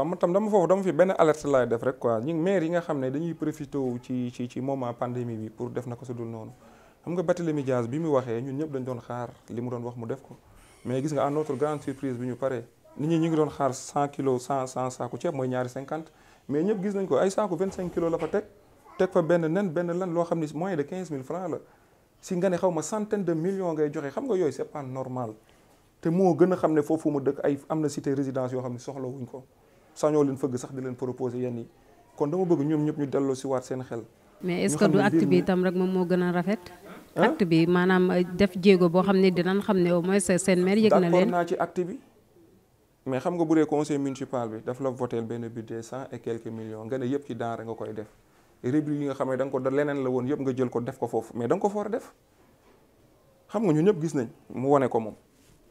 waaw tam dama foofu dama fi benn alerte laay def rek quoi ñu maire yi nga xam ne dañuy profité wu ci moment pandémie bi pour def na ko su dul noonu xam nga Barthélémy Dias bi mu waxee ñun ñëpp dañ doon xaar li mu doon wax mu def ko mais gis nga à notre grande surprise bi ñu paree nit ñi ñu ngi doon xaar 100 kilos 100 saako ceeb mooy ñaari 50 mais ñëpp gis nañ ko ay saako 25 kilos la fa teg teg fa benn nen benn lan loo xam ne moyen de 15 000 francs la si nga ne xaw ma centaine de millions ngay joxe xam nga yooyu c'est pas normal te moo gën a xam ne foofu mu dëkk ay am na cité résidence yoo xam ne soxla wuñ ko sañoo leen fëgg sax di leen proposer yenn yi kon dama bëgg ñoom ñëpp ñu delloo si waat seen xel. mais est-ce que du acte bi itam rek moom moo gën a rafet. Hein? acte bi maanaam def jéego boo xam ne dinañ xam ne au moins seen mère yëg na leen d'accord naa ci acte bi. mais xam nga bu dee conseil municipal bi daf la voté benn budget cent et quelques millions nga ne yëpp ci denrée nga koy def rubrique yi nga xam ne da nga ko da leneen la woon yëpp nga jël ko def ko foofu mais da nga ko foor def. xam nga ñu ñëpp gis nañ mu wane ko moom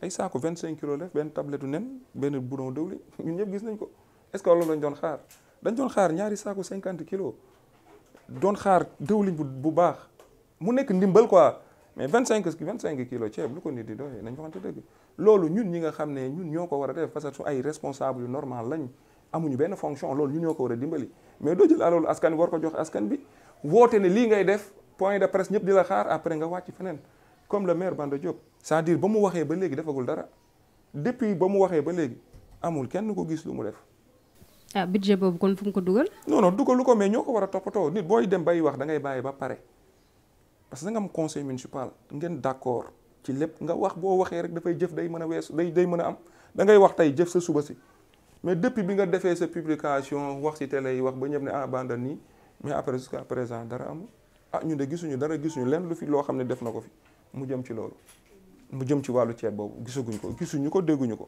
ay saako vingt cinq kilos def benn tablette nen benn bidon dëwlin ñun ñëpp gis nañ ko est-ce que loolu lañ doon xaar dañ doon xaar ñaari saako cinquante kilos doon xaar bu bu baax mu nekk quoi mais 25 cinq vingt cinq lu ko nit di doyee nañ waxante dëgg loolu ñun ñi nga xam ñun ko def parce que ay responsable yu normal lañ amuñu fonction loolu ñun ko mais doo jël askan war ko jox askan bi ne ngay de presse après nga comme le maire c'est-à-dire ba mu ba léegi defagul dara depuis ba ba amul kenn ko gis lu mu ah budget boobu kon fu mu ko dugal. non non dugalu ko mais ñoo ko war a toppatoo nit booy dem bay wax da ngay bàyyi ba pare parce que da nga am conseil municipal ngeen d' accord ci lépp nga wax boo waxee rek dafay jëf day mën a weesu day day mën a am da ngay wax tey jëf sa suba si mais depuis bi nga defee sa publication wax si télé yi wax ba ñëpp ne abandonné ah, nii mais après jusqu'à présent dara amul ah ñu ne gisuñu dara gisuñu lenn lu fi loo xam ne def na ko fi mu jëm ci loolu mu jëm ci wàllu ceeb boobu gisaguñ ko gisuñu ko dégguñu ko.